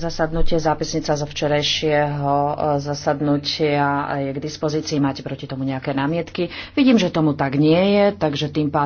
Zasadnutie zápisnica zo včerajšieho e, zasadnutia je k dispozícii. Máte proti tomu nejaké námietky? Vidím, že tomu tak nie je, takže tým pádom